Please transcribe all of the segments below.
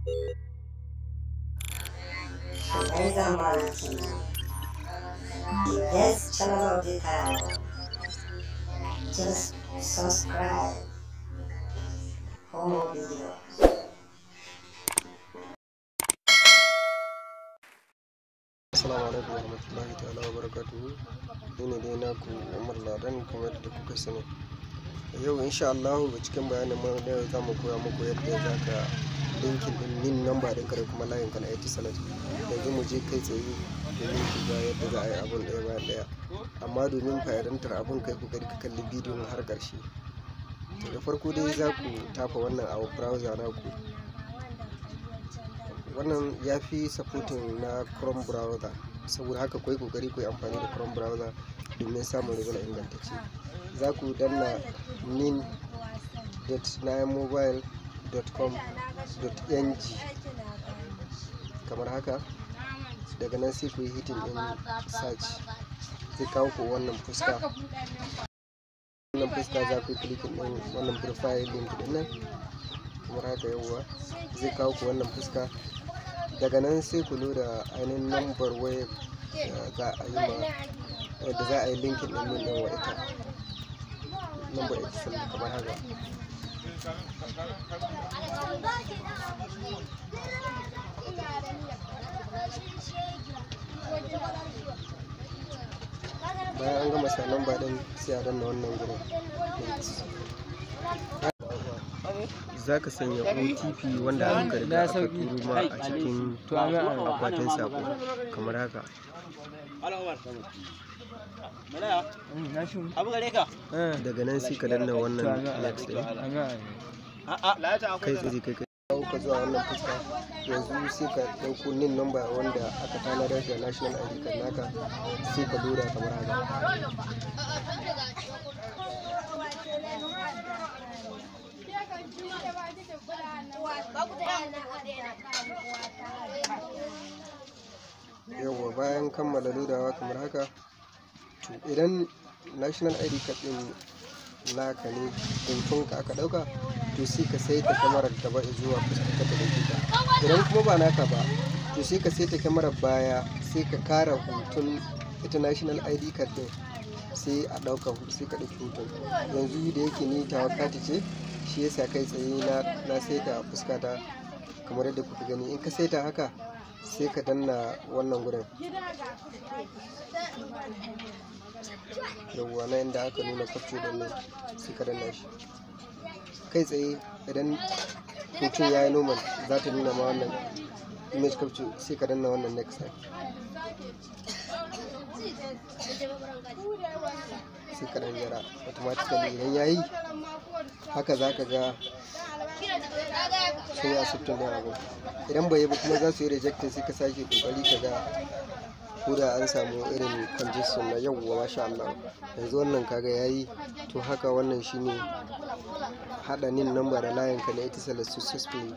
Teresa Martin. Yes, channel detail. Just subscribe for more videos. Assalamu alaikum warahmatullahi ta'ala wa barakatuhu. Ni ne dai Umar Ladan kamar da kuka sani. Yau insha Allah cikin bayanin mu ne za mu koya muku yadda zaka linkin din nin namba din kare kuma layin ka na IT yanzu mu je kai tsaye domin ku ga yadda za a yi abun ɗaya bayan ɗaya amma domin fa'idantar abun kai ku ka kalli bidiyon har ƙarshe to da farko dai za ku tafa wannan a browser ku. wannan ya fi supporting na chrome browser saboda haka ku gari ku yi amfani da chrome browser domin samun rigula ingantacce za ku danna min.nimobile.com ng kamar haka daga nan sai ku yi hitin din search zai kawo ku wannan fuska wannan fuska za ku yi clicking din wannan profile link din nan kamar haka yawwa zai kawo ku wannan fuska daga nan sai ku lura ainihin number waya da za a yi ma da za a yi linkin din nan wa ita number 87 kamar haka bayan an gama sanan ba din sai a danna wannan gurin za ka sanya otp wanda ka riga aka turo ma a cikin akwatin sako kamar haka daga nan sai ka danna wannan alex ɗin kai tsaye kai kai ka zuwa wannan fuska yanzu sai ka ɗauko nin namba wanda aka tanadar da national id card naka sai ka lura kamar haka yawwa bayan kammala lodawa kamar haka to idan national id card din naka ne ka aka dauka to sai ka saita kamarar ba zuwa fuskarka da dakika idan kuma ba naka ba to sai ka saita kamarar baya sai ka kara hoton ita national id card din sai a ɗauka sai ka ɗauki hoton yanzu da yake ni ta wakati ce shi yasa kai tsaye na na saita fuska ta kamar yadda kuka gani in ka saita haka sai ka danna wannan gurin yawwa na inda aka nuna kwafce da nan sai ka danna shi kai tsaye idan hutun ya yi noman za ta nuna ma wannan image capture sai ka danna wannan next time sai ka dangara automatically idan ya yi haka za ka ga sun yi asibtin da abu idan bai ba kuma za su yi rejectin sai ka sake kokari ka ga ko da an samu irin congestion na yau wa masha Allah yanzu wannan kaga yayi to haka wannan shine hadanin namba da layin ka na itisal successfully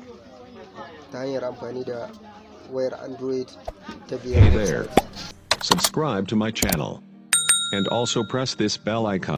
ta hanyar amfani da wayar android ta biyar subscribe to my channel, and also press this bell icon.